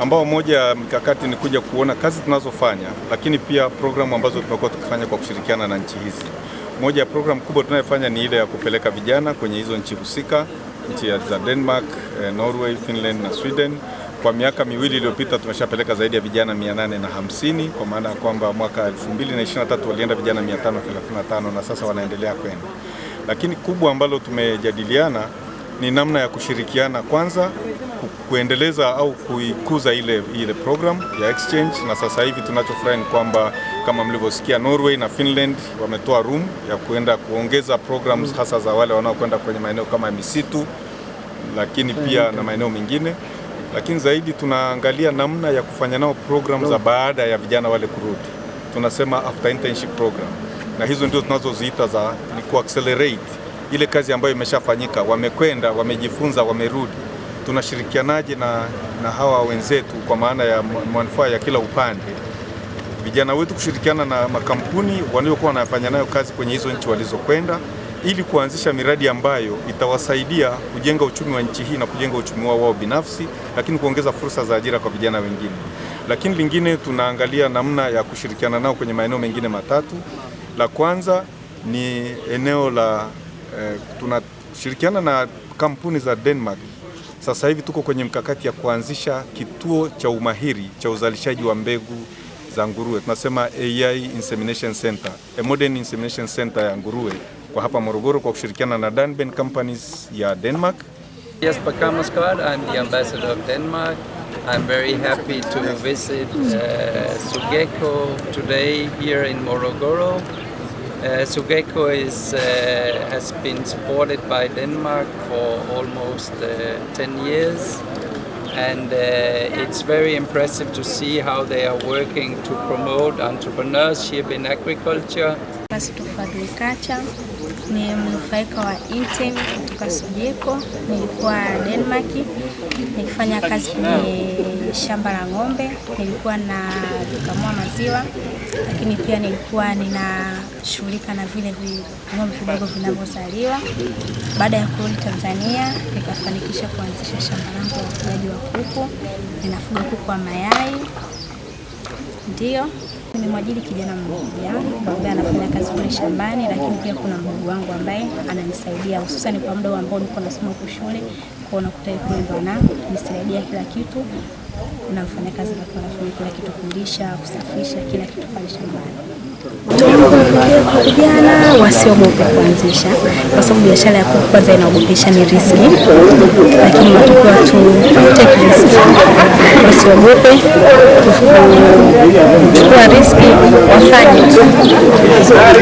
ambao moja ya mikakati ni kuja kuona kazi tunazofanya, lakini pia programu ambazo tumekuwa tukifanya kwa kushirikiana na nchi hizi. Moja ya programu kubwa tunayofanya ni ile ya kupeleka vijana kwenye hizo nchi husika, nchi za Denmark, eh, Norway, Finland na Sweden. Kwa miaka miwili iliyopita tumeshapeleka zaidi ya vijana 850 kwa maana ya kwamba mwaka 2023 walienda vijana 535 na sasa wanaendelea kwenda, lakini kubwa ambalo tumejadiliana ni namna ya kushirikiana kwanza kuendeleza au kuikuza ile, ile program ya exchange, na sasa hivi tunachofurahi ni kwamba kama mlivyosikia, Norway na Finland wametoa room ya kuenda kuongeza programs mm. hasa za wale wanaokwenda kwenye maeneo kama misitu, lakini mm. pia na maeneo mengine, lakini zaidi tunaangalia namna ya kufanya nao program za mm. baada ya vijana wale kurudi, tunasema after internship program, na hizo ndio tunazoziita za ni ku accelerate ile kazi ambayo imeshafanyika, wamekwenda wamejifunza, wamerudi. Tunashirikianaje na, na hawa wenzetu kwa maana ya manufaa ya kila upande, vijana wetu kushirikiana na makampuni waliokuwa wanafanya nayo kazi kwenye hizo nchi walizokwenda, ili kuanzisha miradi ambayo itawasaidia kujenga uchumi wa nchi hii na kujenga uchumi wao wao binafsi, lakini kuongeza fursa za ajira kwa vijana wengine. Lakini lingine tunaangalia namna ya kushirikiana nao kwenye maeneo mengine matatu. La kwanza ni eneo la eh, tunashirikiana na kampuni za Denmark. Sasa hivi tuko kwenye mkakati ya kuanzisha kituo cha umahiri cha uzalishaji wa mbegu za nguruwe, tunasema AI Insemination Center, a modern insemination center ya nguruwe kwa hapa Morogoro kwa kushirikiana na Danben Companies ya Denmark. Jesper Kammersgaard, I'm the ambassador of Denmark. I'm very happy to visit uh, eh, Sugeko today here in Morogoro. Uh, Sugeko is, uh, has been supported by Denmark for almost uh, 10 years and uh, it's very impressive to see how they are working to promote entrepreneurship in agriculture. Agriculture mnufaika wa ITEM kutoka Sujeko. Nilikuwa Denmark nikifanya kazi kwenye shamba la ng'ombe, nilikuwa na kamua maziwa, lakini pia nilikuwa ninashughulika na vile ng'ombe vidogo vinavyozaliwa. Baada ya kurudi Tanzania, nikafanikisha kuanzisha shamba langu la ufugaji wa kuku. Ninafuga kuku wa mayai Ndiyo, nimemwajiri kijana mmoja ambaye anafanya kazi kule shambani, lakini pia kuna mdogo wangu ambaye ananisaidia hususani kwa muda ambao niko nasoma huko shule, kwa nakuta yeye ndo ananisaidia kila kitu, na mfanya kazi nafanya kila kitu, kulisha, kusafisha, kila kitu pale shambani kujana vijana wasiogope kuanzisha, kwa sababu biashara ya kuku kwanza inaogopesha, ni riski, lakini watakiwa watu take risk, wasiogope kuchukua riski, wafanye